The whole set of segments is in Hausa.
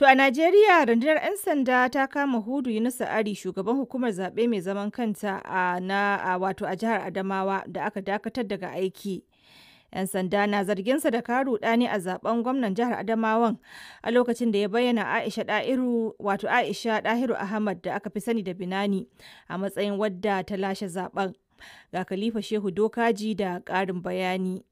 To a Najeriya rundunar 'yan sanda ta kama Hudu Yunusa Ari shugaban hukumar zaɓe mai zaman kanta a na wato a jihar Adamawa da aka dakatar daga aiki. 'Yan sanda na zarginsa da karu ne a zaben gwamnan jihar Adamawan a lokacin da ya bayyana Aisha ɗahiru wato Aisha Dahiru Ahmad da aka fi sani da Binani a matsayin wadda ta lashe zaben. Ga Khalifa Shehu Dokaji da ƙarin bayani.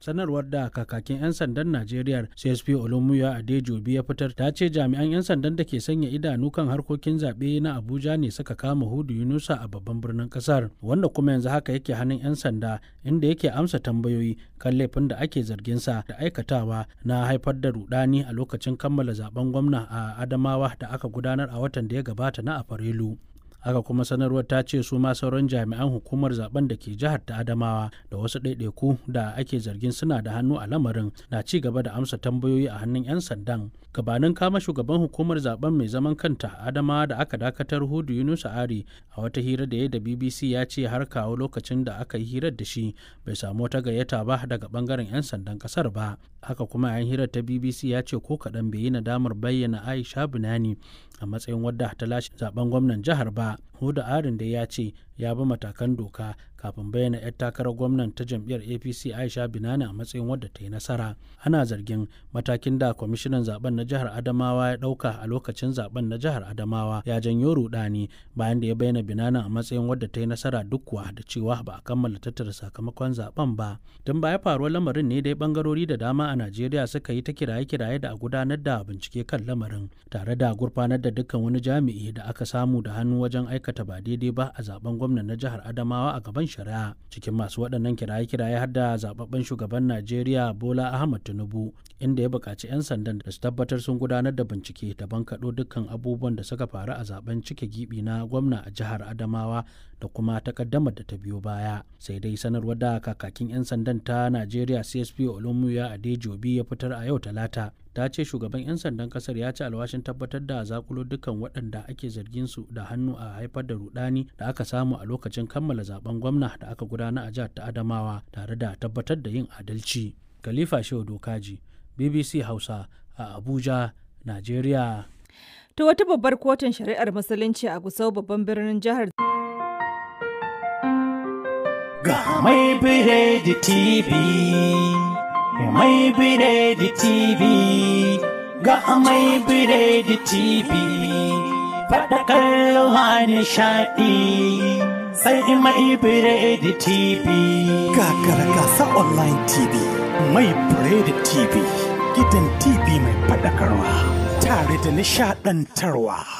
sanarwar da kakakin 'yan sandan najeriya csp a adejobi ya fitar ta ce jami'an 'yan sandan da ke sanya idanu kan harkokin zaɓe na abuja ne suka kama hudu yunusa a babban birnin kasar wanda kuma yanzu haka yake hannun 'yan sanda inda yake amsa tambayoyi kan laifin da ake zarginsa da aikatawa na haifar da rudani a lokacin kammala zaben gwamna a adamawa da aka gudanar a watan da ya gabata na afrilu haka kuma sanarwar ta ce su ma sauran jami'an hukumar zaben da ke jihar ta adamawa da wasu ɗaiɗaiku da ake zargin suna da hannu a lamarin na ci gaba da amsa tambayoyi a hannun 'yan sandan gabanin kama shugaban hukumar zaben mai zaman kanta adamawa da aka dakatar hudu yunusa ari a wata hira da ya da bbc ya ce har kawo lokacin da aka yi hirar da shi bai samu wata gayyata ba daga bangaren 'yan sandan kasar ba haka kuma yayin hirar ta bbc ya ce ko kaɗan bai yi nadamar bayyana aisha binani a matsayin wadda ta lashe zaben gwamnan jihar ba huda arin da ya ce ya bi matakan doka kafin bayyana 'yar takarar gwamnan ta jam'iyyar apc aisha binani a matsayin wadda ta yi nasara ana zargin matakin da kwamishinan zaben na jihar adamawa ya dauka a lokacin zaben na jihar adamawa ya janyo rudani bayan da ya bayyana binani a matsayin wadda ta yi nasara duk kuwa da cewa ba a kammala tattara sakamakon zaben ba tun baya faruwar lamarin ne dai bangarori da dama a najeriya suka yi ta kiraye-kiraye da a gudanar da bincike kan lamarin tare da gurfanar da dukkan wani jami'i da aka samu da hannu wajen wajen aikata ba daidai ba a zaben gwamna na jihar Adamawa a gaban shari'a. Cikin masu waɗannan kiraye-kiraye har da zababben shugaban Najeriya Bola Ahmad Tinubu inda ya buƙaci 'yan sandan da su tabbatar sun gudanar da bincike da bankaɗo dukkan abubuwan da suka faru a zaben cike gibi na gwamna a jihar Adamawa da kuma takaddamar da ta biyo baya. Sai dai sanarwar da kakakin 'yan sandan ta Najeriya CSP Olumuya Adejobi ya fitar a yau Talata ta ce shugaban 'yan sandan kasar ya ci alwashin tabbatar da zakulo dukkan waɗanda ake zargin su da hannu a haifar da rudani da aka samu a lokacin kammala zaben gwamna da aka gudana a jihar ta adamawa tare da tabbatar da yin adalci khalifa shehu dokaji bbc hausa a abuja nigeria ta wata babbar kotun shari'ar musulunci a gusau babban birnin jihar ga mai da tv Mai Biredi TV ga Mai Biredi TV nishaɗi sai Mai Biredi TV. Kakara gasa online TV Mai Biredi TV gidan TV mai faɗakarwa tare da nishaɗantarwa.